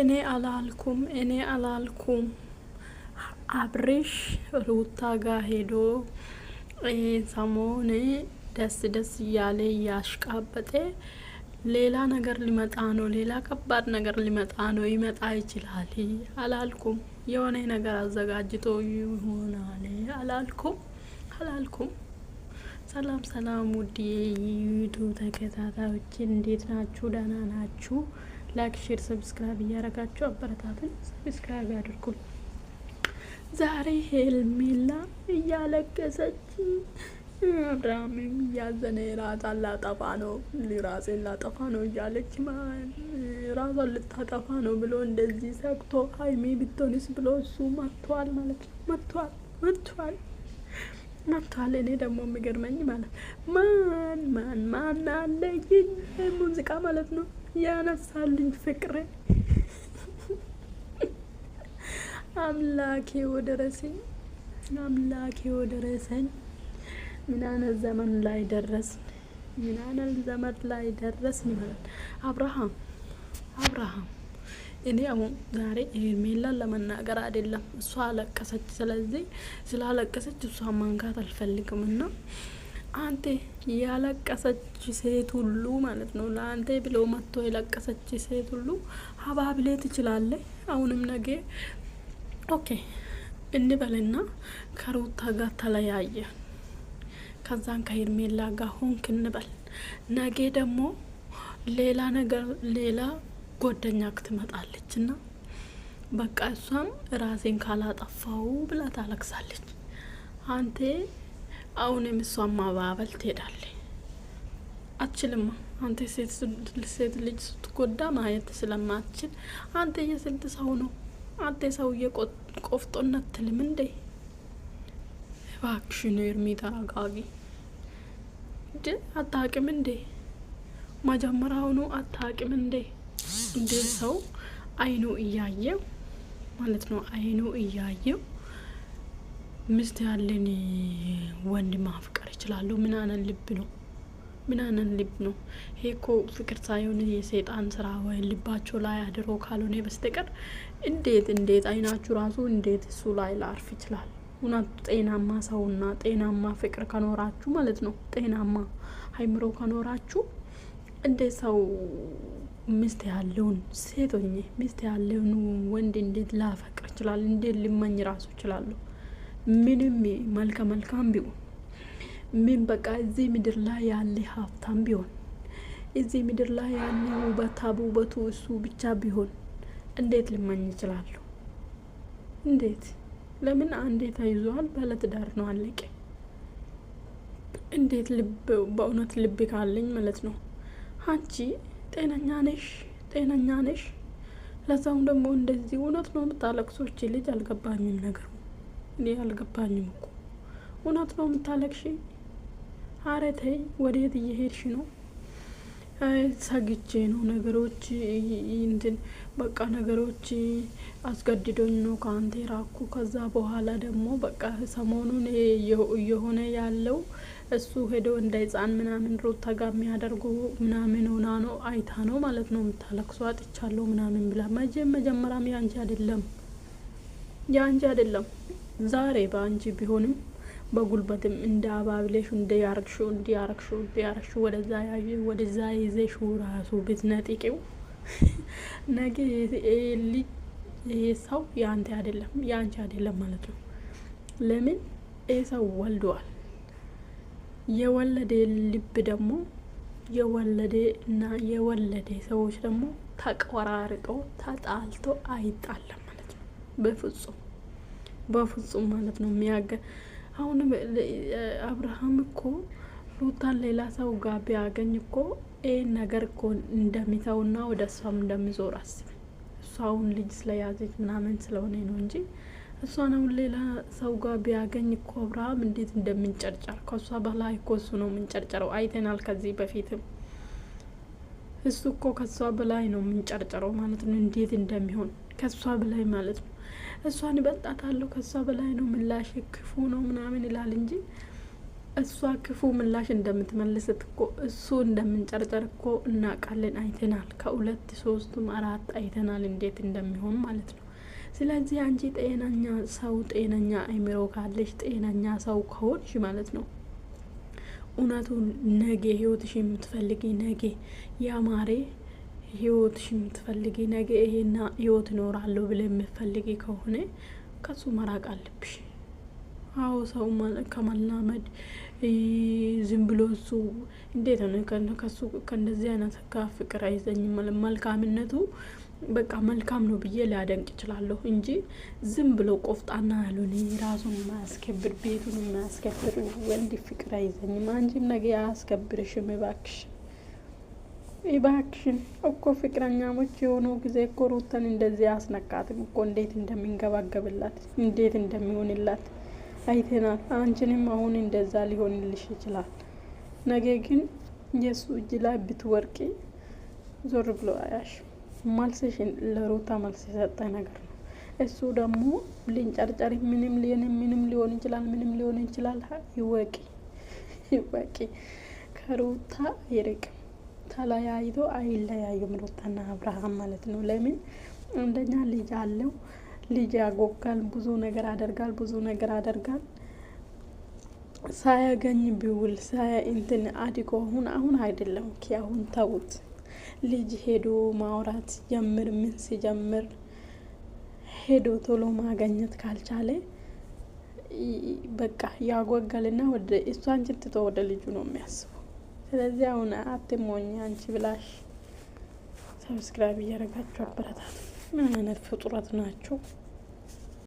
እኔ አላልኩም እኔ አላልኩም አብርሽ ሩታ ጋር ሄዶ ሰሞን ደስ ደስ እያለ እያሽቃበጠ ሌላ ነገር ሊመጣ ነው፣ ሌላ ከባድ ነገር ሊመጣ ነው። ይመጣ ይችላል። አላልኩም የሆነ ነገር አዘጋጅቶ ይሆናል። አላልኩም አላልኩም። ሰላም ሰላም፣ ውድ የዩቱብ ተከታታዮች እንዴት ናችሁ? ደህና ናችሁ? ላይክ፣ ሼር፣ ሰብስክራይብ እያረጋችሁ አበረታቱን። ሰብስክራይብ ያድርጉ። ዛሬ ሄርሜላ እያለቀሰች አብርሃምም እያዘነ ራሷን ላጠፋ ነው ራሴን ላጠፋ ነው እያለች ራሷን ልታጠፋ ነው ብሎ እንደዚህ ሰግቶ ሀይሜ ብትሆንስ ብሎ እሱ መጥቷል ማለት ነው። መጥቷል መጥቷል መጥቷል። እኔ ደግሞ የሚገርመኝ ማለት ማን ማን ማን አለኝ ሙዚቃ ማለት ነው ያነሳልኝ ፍቅሬ አምላኬ ወደረሰኝ አምላኬ ወደረሰኝ። ምን አይነት ዘመን ላይ ደረስን? ምን አይነት ዘመን ላይ ደረስን ይሆናል። አብርሃም አብርሃም እኔ አሁን ዛሬ ሄርሜላን ለመናገር አይደለም፣ እሷ አለቀሰች። ስለዚህ ስላለቀሰች እሷ ማንካት አልፈልግም እና አንተ ያለቀሰች ሴት ሁሉ ማለት ነው ለአንተ ብሎ መጥቶ የለቀሰች ሴት ሁሉ ሀባብሌ ትችላለ። አሁንም ነገ ኦኬ እንበልና ከሩታ ጋር ተለያየ፣ ከዛን ከሄርሜላ ጋር ሆንክ እንበል። ነገ ደግሞ ሌላ ነገር ሌላ ጓደኛ ክትመጣለች ና በቃ እሷም ራሴን ካላጠፋው ብላ ታለቅሳለች አንቴ አሁንም እሷም ማባበል ትሄዳለች። አችልማ አንተ ሴት ልጅ ስትጎዳ ማየት ስለማትችል አንተ የስንት ሰው ነው አንተ ሰውዬ ቆፍጦነት ትልም እንዴ? እባክሽን ኤርሚ ተረጋጊ። እንደ አታቅም እንዴ? መጀመሪያውኑ አታቅም እንዴ? እንዴ ሰው አይኑ እያየው ማለት ነው አይኑ እያየው ምስት ያለን ወንድ ማፍቀር ይችላለሁ። ምን አይነት ልብ ነው? ምን አይነት ልብ ነው? ይሄ እኮ ፍቅር ሳይሆን የሰይጣን ስራ ወይ ልባቸው ላይ አድሮ ካልሆነ በስተቀር እንዴት እንዴት አይናችሁ ራሱ እንዴት እሱ ላይ ላርፍ ይችላል? እውነቱ ጤናማ ሰውና ጤናማ ፍቅር ከኖራችሁ ማለት ነው፣ ጤናማ አይምሮ ከኖራችሁ እንዴት ሰው ሚስት ያለውን ሴቶኝ ሚስት ያለውን ወንድ እንዴት ላፈቅር ይችላል? እንዴት ልመኝ ራሱ ይችላለሁ? ምንም መልከ መልካም ቢሆን ምን በቃ እዚህ ምድር ላይ ያለ ሀብታም ቢሆን እዚህ ምድር ላይ ያለ ውበታ ውበቱ እሱ ብቻ ቢሆን እንዴት ልመኝ ይችላሉ? እንዴት ለምን አንዴ ተይዟል፣ ባለትዳር ነው አለቀ። እንዴት ልብ በእውነት ልብ ካለኝ ማለት ነው አንቺ ጤነኛ ነሽ? ጤነኛ ነሽ? ለዛውም ደግሞ እንደዚህ እውነት ነው የምታለቅሶች ልጅ አልገባኝም ነገሩ እኔ አልገባኝም እኮ እውነት ነው የምታለቅሽ? አረ ተይ፣ ወዴት እየሄድሽ ነው? ሰግቼ ነው ነገሮች እንትን በቃ ነገሮች አስገድዶኝ ነው ከአንተ ራኩ። ከዛ በኋላ ደግሞ በቃ ሰሞኑን እየሆነ ያለው እሱ ሄዶ እንደ ህፃን ምናምን ሩታ ጋር የሚያደርጉ ምናምን ሆና ነው አይታ ነው ማለት ነው የምታለቅሱ አጥቻለሁ ምናምን ብላ መጀመሪያም ያንቺ አይደለም ያንቺ አይደለም ዛሬ በአንቺ ቢሆንም በጉልበትም እንደ እንዲያረግሹ እንዲያረግሹ እንዲያረግሹ ወደዛ ያዥ ወደዛ ይዘሽ ራሱ ብትነጥቂው ነገ ይሄ ሰው የአንተ አይደለም የአንቺ አይደለም ማለት ነው። ለምን ይሄ ሰው ወልደዋል። የወለደ ልብ ደግሞ የወለደ እና የወለደ ሰዎች ደግሞ ተቆራርጦ ተጣልቶ አይጣለም ማለት ነው በፍጹም። በፍጹም ማለት ነው የሚያገ አሁንም አብርሃም እኮ ሩታን ሌላ ሰው ጋር ቢያገኝ እኮ ይህን ነገር እኮ እንደሚተውና ወደ እሷም እንደሚዞር አስብ። እሷ አሁን ልጅ ስለያዘች ምናምን ስለሆነ ነው እንጂ እሷን አሁን ሌላ ሰው ጋር ቢያገኝ እኮ አብርሃም እንዴት እንደምንጨርጨር ከእሷ በላይ እኮ እሱ ነው የምንጨርጨረው። አይተናል ከዚህ በፊትም እሱ እኮ ከእሷ በላይ ነው የምንጨርጨረው ማለት ነው እንዴት እንደሚሆን ከእሷ በላይ ማለት ነው። እሷን እበልጣታለሁ ከእሷ በላይ ነው ምላሽ ክፉ ነው ምናምን ይላል እንጂ እሷ ክፉ ምላሽ እንደምትመልስት እኮ እሱ እንደምንጨርጨር እኮ እናውቃለን፣ አይተናል። ከሁለት ሶስቱም አራት አይተናል እንዴት እንደሚሆን ማለት ነው። ስለዚህ አንቺ ጤነኛ ሰው ጤነኛ አይምሮ ካለሽ ጤነኛ ሰው ከሆንሽ ማለት ነው እውነቱን ነገ ህይወትሽ የምትፈልጊ ነገ ያማሬ ህይወትሽ የምትፈልጊ ነገ ይሄና ህይወት እኖራለሁ ብለ የምትፈልጊ ከሆነ ከሱ መራቅ አለብሽ። አዎ ሰው ከመላመድ ዝም ብሎ እሱ እንዴት ነው ከሱ ከእንደዚህ አይነት ጋር ፍቅር አይዘኝም። መልካምነቱ በቃ መልካም ነው ብዬ ሊያደንቅ ይችላለሁ እንጂ ዝም ብሎ ቆፍጣና ያሉን ራሱን የማያስከብር ቤቱን የማያስከብር ወንድ ፍቅር አይዘኝም። አንቺም ነገ አያስከብርሽም እባክሽ። እባክሽን እኮ ፍቅረኛሞች የሆኑ ጊዜ እኮ ሩተን እንደዚህ አስነካትም እኮ እንዴት እንደሚንገባገብላት እንዴት እንደሚሆንላት አይተናል። አንቺንም አሁን እንደዛ ሊሆንልሽ ይችላል። ነገ ግን የእሱ እጅ ላይ ብትወርቂ ዞር ብሎ አያሽ። መልስሽን ለሩታ መልስ የሰጠ ነገር ነው። እሱ ደግሞ ልንጨርጨሪ ምንም ሊሆን ምንም ሊሆን ይችላል ምንም ሊሆን ይችላል። ይወቂ ይወቂ፣ ከሩታ ይርቅ። ተለያይቶ አይለያዩም ሩታና አብርሃም ማለት ነው። ለምን አንደኛ ልጅ አለው፣ ልጅ ያጎጋል፣ ብዙ ነገር አደርጋል፣ ብዙ ነገር አደርጋል ሳያገኝ ቢውል ሳያ እንትን አድጎ አሁን አሁን አይደለም ኪ አሁን ተውት። ልጅ ሄዶ ማውራት ጀምር ምን ሲጀምር ሄዶ ቶሎ ማገኘት ካልቻለ በቃ ያጎገልና ወደ እሷን ጭንትቶ ወደ ልጁ ነው የሚያስቡ ስለዚህ አሁን አትሞኝ አንቺ ብላሽ ሰብስክራይብ እያደረጋችሁ አበረታት። ምን አይነት ፍጡረት ናቸው?